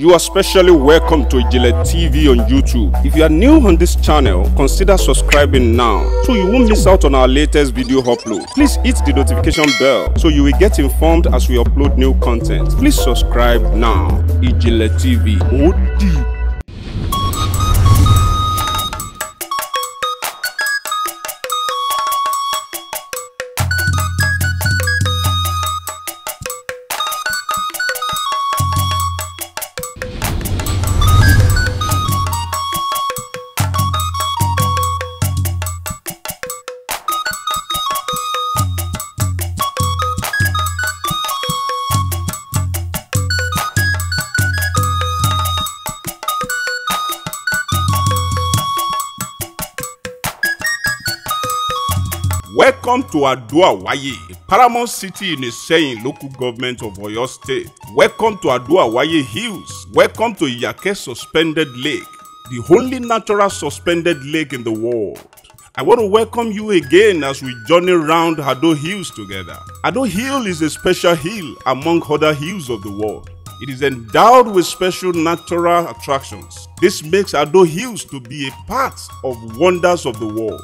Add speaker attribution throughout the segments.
Speaker 1: You are specially welcome to Ijile TV on YouTube. If you are new on this channel, consider subscribing now so you won't miss out on our latest video upload. Please hit the notification bell so you will get informed as we upload new content. Please subscribe now. Ijile TV. Oh, dear. Welcome to Adua-Waye, Paramount City in Iseyin local government of Oyo State. Welcome to Adua-Waye Hills. Welcome to Iyake Suspended Lake, the only natural suspended lake in the world. I want to welcome you again as we journey round Ado Hills together. Ado Hill is a special hill among other hills of the world. It is endowed with special natural attractions. This makes Ado Hills to be a part of wonders of the world.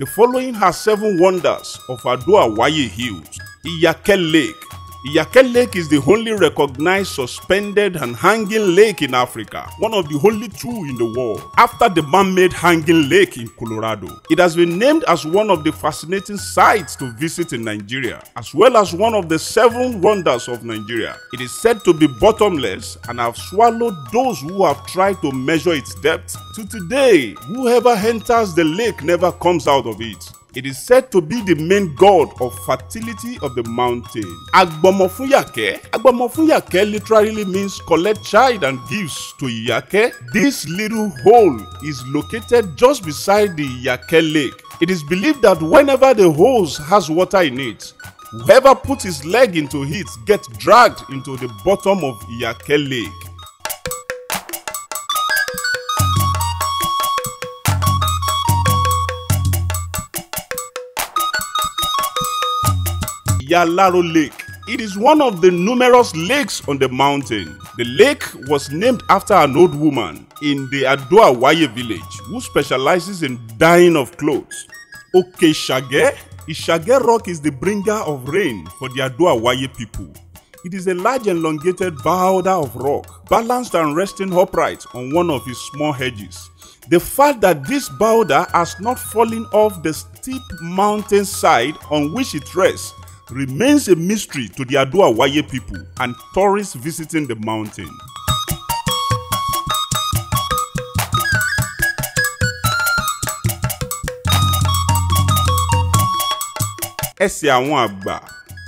Speaker 1: The following are seven wonders of Ado-Awaye Hills, Iyake Lake, Iyake Lake is the only recognized suspended and hanging lake in Africa, one of the only two in the world, after the man-made hanging lake in Colorado. It has been named as one of the fascinating sites to visit in Nigeria, as well as one of the seven wonders of Nigeria. It is said to be bottomless and have swallowed those who have tried to measure its depth. To today, whoever enters the lake never comes out of it. It is said to be the main god of fertility of the mountain. Agbomofunyake. Agbomofunyake literally means collect child and gives to Iyake. This little hole is located just beside the Iyake lake. It is believed that whenever the hose has water in it, whoever puts his leg into it gets dragged into the bottom of Iyake lake. Yalaro Lake. It is one of the numerous lakes on the mountain. The lake was named after an old woman in the Adoawaye village who specializes in dyeing of clothes. Okeshage, Ishage Rock is the bringer of rain for the Adoawaye people. It is a large elongated boulder of rock, balanced and resting upright on one of its small hedges. The fact that this boulder has not fallen off the steep mountain side on which it rests remains a mystery to the Aduawaye people and tourists visiting the mountain. Ẹsẹ̀ àwọn àgbà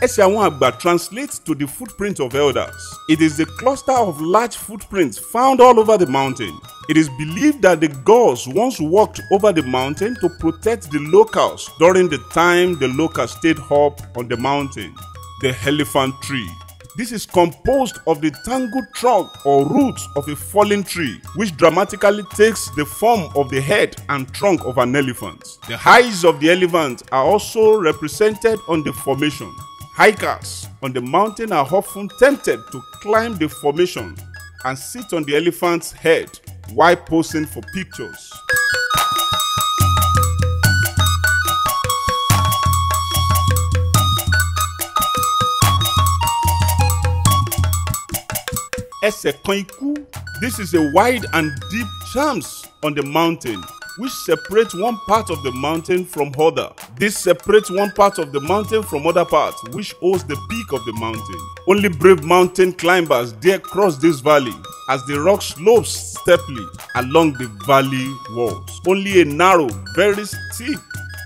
Speaker 1: Ẹsẹ̀ àwọn àgbà translates to the footprint of elders. It is the cluster of large footprints found all over the mountain It is believed that the gods once walked over the mountain to protect the locals during the time the locals stayed up on the mountain, the elephant tree. This is composed of the tangled trunk or roots of a fallen tree, which dramatically takes the form of the head and trunk of an elephant. The eyes of the elephant are also represented on the formation. Hikers on the mountain are often tempted to climb the formation and sit on the elephant's head while posing for pictures. this is a wide and deep chams on the mountain which separates one part of the mountain from other. This separates one part of the mountain from other parts, which holds the peak of the mountain. Only brave mountain climbers dare cross this valley. as the rock slopes steeply along the valley walls. Only a narrow, very steep,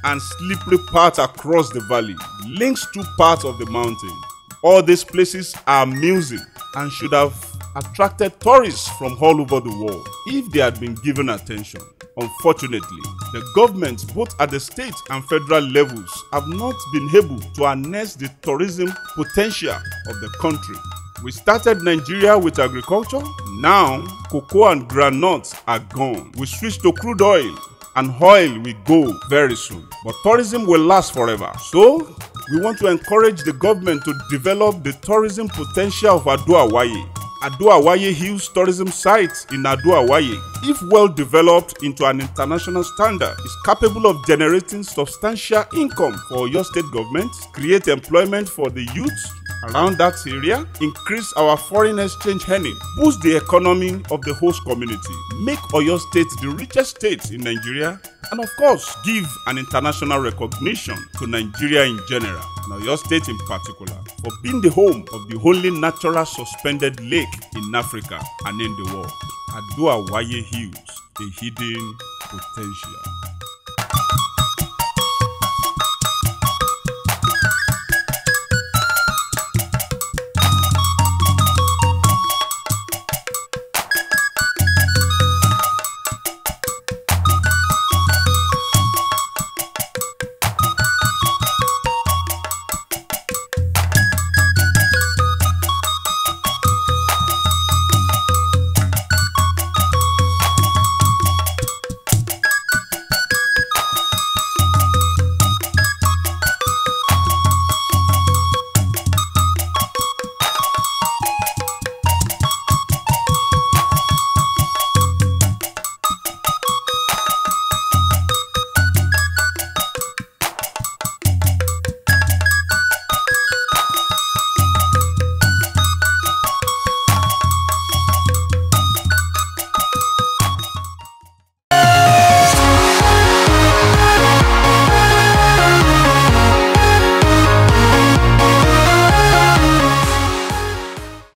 Speaker 1: and slippery path across the valley links two parts of the mountain. All these places are amusing and should have attracted tourists from all over the world if they had been given attention. Unfortunately, the governments both at the state and federal levels have not been able to harness the tourism potential of the country We started Nigeria with agriculture. Now, cocoa and granuts are gone. We switched to crude oil and oil will go very soon. But tourism will last forever. So, we want to encourage the government to develop the tourism potential of Ado-Awaye. Hills tourism site in ado if well developed into an international standard, is capable of generating substantial income for your state government, create employment for the youth, around that area, increase our foreign exchange earning, boost the economy of the host community, make Oyo State the richest state in Nigeria, and of course, give an international recognition to Nigeria in general, and Oyo State in particular, for being the home of the only natural suspended lake in Africa and in the world, Adoawaye Hills, a hidden potential.